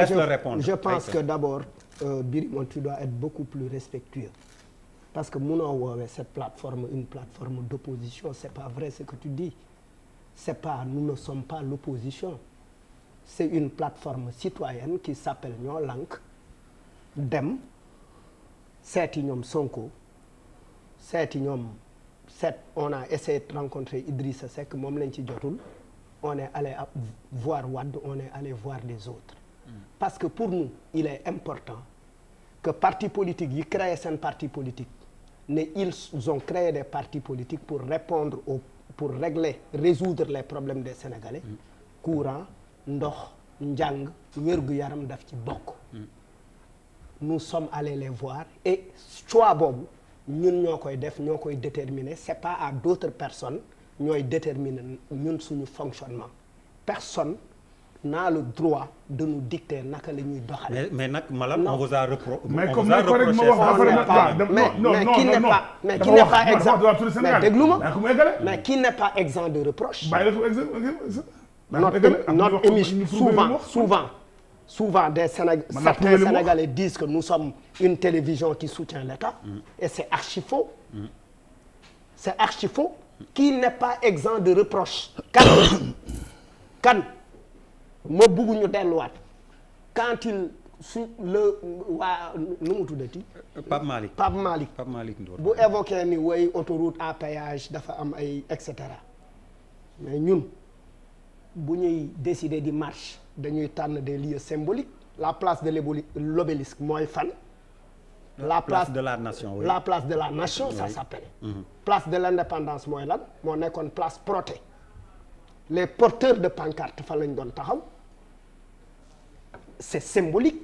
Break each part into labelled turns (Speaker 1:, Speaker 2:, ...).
Speaker 1: laisse je, je pense que d'abord euh, Birima tu dois être beaucoup plus respectueux parce que munoo woowee cette plateforme une plateforme d'opposition c'est pas vrai ce que tu dis c'est pas nous ne sommes pas l'opposition c'est une plateforme citoyenne qui s'appelle Ñoo Lank dem seeti ñoom Sonko seeti ñoom seet on a essayé de rencontrer Idrissa Seck moom lañ ci jotul on est allé voir Wade on est allé voir les autres parce que pour nous il est important que parti politique yi créé seen parti politique ne ils ont créé des parti politiques pour répondre au pour régler résoudre les problèmes des Sénégalais mm. courant ndox njàng wér-gu-yaram daf ci bokk mm. nous sommes allés les voir et choix boobu ñun ñoo koy def ñoo koy déterminer c'est pas à d'autres personne ñooy déterminer ñun suñu fonctionnement personne naa le droit de nous dicter naka la ñuy doxalee. mais mais nag Malam on vous a reproché. mais comme nag rek mais mais qui n'est pas mais qui n'est mais déglu ma mais qui n'est pas exempt de reproche. bàyyi la notre notre émission souvent souvent souvent des Sénégal certains Sénégalais disent que nous sommes une télévision qui soutient l'État. Mm. et c'est archi faux. Mm. c'est archi qui n'est pas exempt de reproche. kan kan. ma bugg ñu delluwaat quand il su le waa nu mu tuddati. Pape Malick Pape Malick. bu évoqué ni way autoroute à péage dafa am ay et cetera mais ñun bu ñuy décider di marche dañuy tànn de lieux symboliques la place de l'obélisque mooy fan. la place de la nation la place de la nation ça s'appelle mm -hmm. place de l'indépendance mooy lan moo nekkoon place Protet les porteurs de pancarte fa lañ doon taxaw. c'est symbolique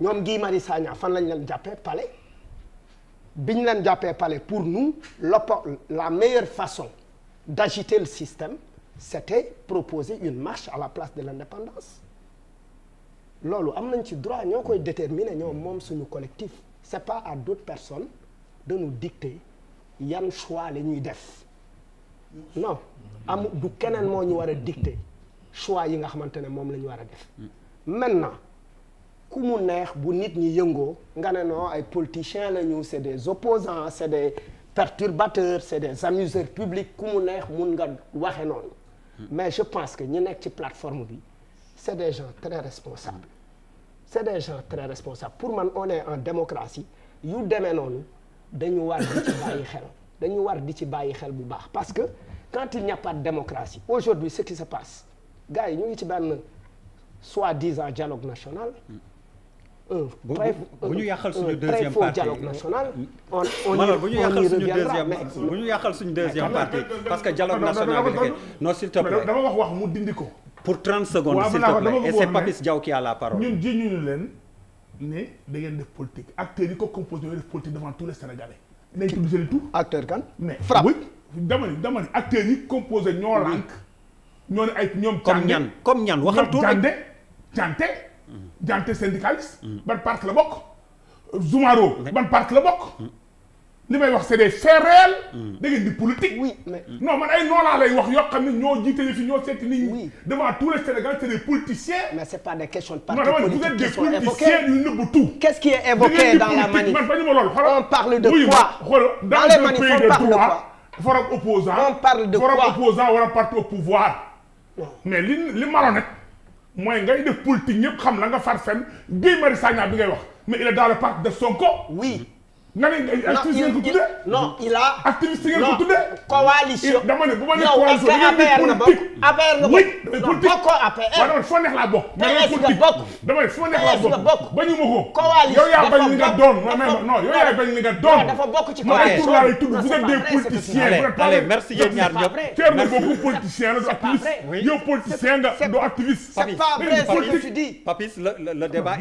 Speaker 1: ñoom Guy Marius Sagna fan lañ leen jàppee palais biñ leen jàppee pale pour nous l'oppo la meilleure façon d'agiter le système c'était proposer une marche à la place de l'indépendance loolu am nañ ci droit ñoo koy déterminer ñoom moom suñu collective c'est pas à d'autres personne de nous yan choix la ñuy def non am du keneen moo ñu war a dicter choix yi nga xamante ne moom la ñu war a def maintenant ku mu neex bu nit ñi yëngoo nga ne non ay politiciens la ñu c'est des opposants c'est des perturbateurs c'est des amuseurs publics ku mu neex mun nga waxe noonu mais je pense que ñi nekk ci plateforme bi c'est des gens très responsables c'est des gens très responsables pour man on est en démocratie yu demee noonu dañu war di ci bàyyi xel dañu war di ci bàyyi xel bu baax parce que quand il n'y a pas de démocratie aujourd'hui ce qui se passe gars yi ñu ngi ci nag soit disant dialogue national. Mm. un très bu mm. ñu yàqal suñu deuxième partie dialogue national. on on y bu ñu yàqal suñu deuxième bu suñu deuxième parce que dialogue national bi dafay non s'il dama wax
Speaker 2: wax mu dindi ko. pour 30 secondes s'il te plaît et c'est Papis Diaw qui a la parole. ñun ji ñu leen ne da ngeen def politique acteurs yi ko composé def politique devant tous les Sénégalais. nañ tudd seen tout acteur kan. mais frappe oui dama ni dama ni acteurs yi composé ñoo lànk ñoo ne ay ñoom. comme ñan comme ñan waxal tuuti Janté. Janté syndicaliste. ban parti la bokk. Zoumaro ban parti la bokk. li may wax c'est des faits réels. da ngeen di politique. oui mais non man ay noolaa lay wax yoo xam ne ñoo jiite fi ñoo seeti nit ñi. devant tous les Sénégalais c'est politiciens. mais c'est pas des questions de parti politique non, qui sont évoquées non vous êtes tout. qu'est-ce qui est évoqué dans la manif man bañu ma loolu on parle de quoi dans les manifs on parle de quoi. forum on parle de quoi forum opposant wala parti mais li li malhonnête mooy ngay def politique ñëpp xam la nga far fen Guy Marius Sagna bi ngay wax mais il est dans le parti de Sonko oui nga ne activiste ngeen ko
Speaker 1: tuddee. non
Speaker 2: il a activiste ngeen ko tuddee. coalition eh, dama ne bu ma nee coalition da ngeen di politique. affaire nga bokk affaire foo neex laa bokk. dama ne foo neex laa bokk. bañu ma ko. coalition yow yaa bañ li nga doon non yow yaa bañ li nga doon. dafa bokk ci coalition laa lay tudd bu ngeen dee politicien. allez merci yéen ñaar ñëpp. teer na bokku politicien la du activiste. yow politicien nga du activiste. c'est pas vrai ce que tu dis. Papis le le débat